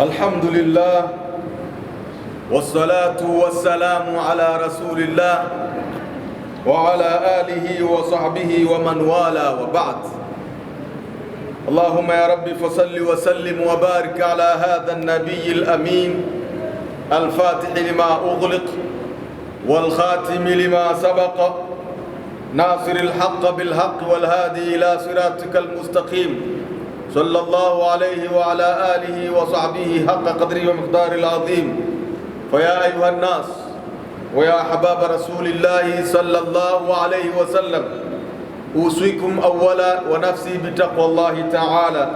الحمد لله والصلاة والسلام على رسول الله وعلى آله وصحبه ومن والى وبعد اللهم يا رب فصل وسلم وبارك على هذا النبي الأمين الفاتح لما أغلق والخاتم لما سبق ناصر الحق بالحق والهادي إلى صراطك المستقيم صلى الله عليه وعلى آله وصحبه حق قدره ومقدار العظيم فيا أيها الناس ويا أحباب رسول الله صلى الله عليه وسلم أوصيكم أولا ونفسي بتقوى الله تعالى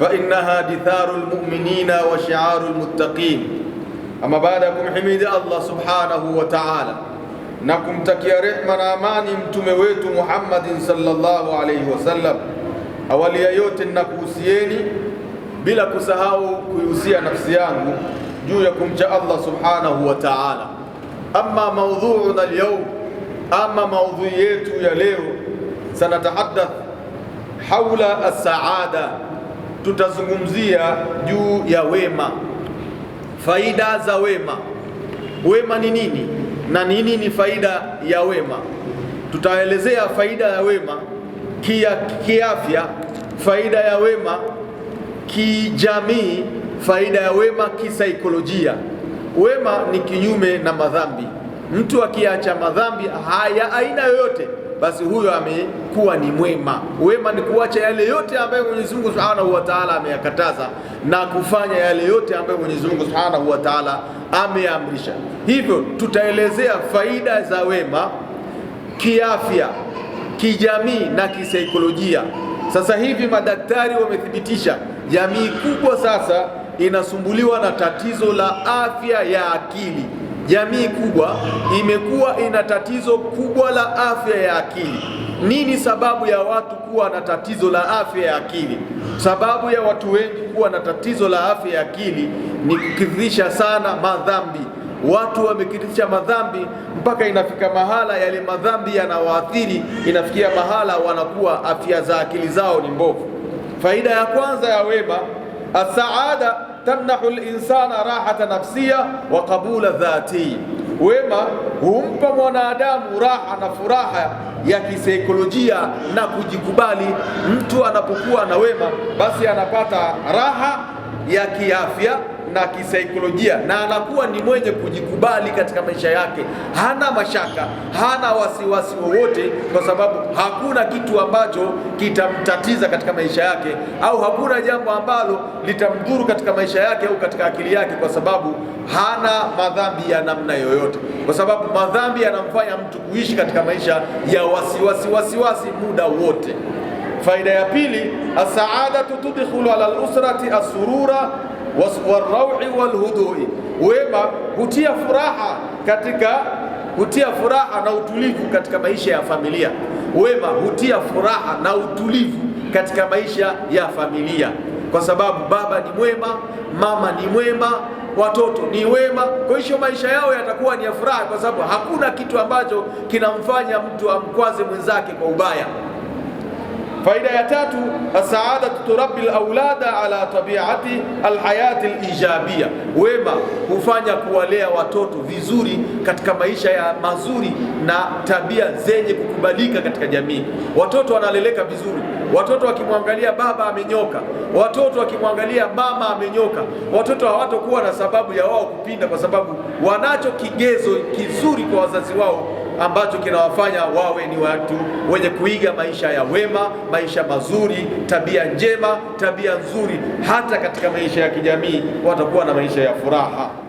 فإنها دثار المؤمنين وشعار المتقين أما بعدكم حميد الله سبحانه وتعالى نكم تكيا رحمة أمان تمويت محمد صلى الله عليه وسلم Awali ya yote ninakuhusieni bila kusahau kuihusia nafsi yangu juu ya kumcha Allah subhanahu wa ta'ala. Amma maudhuuna alyawm, ama maudhui yetu ya leo, sanatahaddath haula assaada, tutazungumzia juu ya wema, faida za wema. Wema ni nini na nini ni faida ya wema? Tutaelezea faida ya wema kia kiafya faida ya wema, kijamii faida ya wema, kisaikolojia. Wema ni kinyume na madhambi. Mtu akiacha madhambi haya aina yoyote, basi huyo amekuwa ni mwema. Wema ni kuacha yale yote ambayo Mwenyezi Mungu Subhanahu wa Ta'ala ameyakataza na kufanya yale yote ambayo Mwenyezi Mungu Subhanahu wa Ta'ala ameamrisha. Hivyo tutaelezea faida za wema kiafya kijamii na kisaikolojia. Sasa hivi madaktari wamethibitisha jamii kubwa sasa inasumbuliwa na tatizo la afya ya akili. Jamii kubwa imekuwa ina tatizo kubwa la afya ya akili. Nini sababu ya watu kuwa na tatizo la afya ya akili? Sababu ya watu wengi kuwa na tatizo la afya ya akili ni kukithirisha sana madhambi watu wamekitisha madhambi mpaka inafika mahala yale madhambi yanawaathiri, inafikia mahala wanakuwa afya za akili zao ni mbovu. Faida ya kwanza ya wema, asaada tamnahu linsana rahata nafsia wa qabula dhati, wema humpa mwanadamu raha na furaha ya kisaikolojia na kujikubali. Mtu anapokuwa na wema, basi anapata raha ya kiafya na kisaikolojia, na anakuwa ni mwenye kujikubali katika maisha yake. Hana mashaka, hana wasiwasi wowote, kwa sababu hakuna kitu ambacho kitamtatiza katika maisha yake, au hakuna jambo ambalo litamdhuru katika maisha yake au katika akili yake, kwa sababu hana madhambi ya namna yoyote, kwa sababu madhambi yanamfanya mtu kuishi katika maisha ya wasiwasi wasiwasi wasi, muda wote. Faida ya pili, asaadatu tudkhulu ala alusrati asurura waraui walhudui, wema hutia furaha katika hutia furaha na utulivu katika maisha ya familia. Wema hutia furaha na utulivu katika maisha ya familia, kwa sababu baba ni mwema, mama ni mwema, watoto ni wema. Kwa hiyo maisha yao yatakuwa ni ya furaha, kwa sababu hakuna kitu ambacho kinamfanya mtu amkwaze mwenzake kwa ubaya. Faida ya tatu, asaadatu turabbi laulada ala tabiati alhayati lijabia, wema hufanya kuwalea watoto vizuri katika maisha ya mazuri na tabia zenye kukubalika katika jamii. Watoto wanaleleka vizuri, watoto wakimwangalia baba amenyoka, watoto wakimwangalia mama amenyoka, watoto hawatokuwa na sababu ya wao kupinda, kwa sababu wanacho kigezo kizuri kwa wazazi wao ambacho kinawafanya wawe ni watu wenye kuiga maisha ya wema, maisha mazuri, tabia njema, tabia nzuri. Hata katika maisha ya kijamii watakuwa na maisha ya furaha.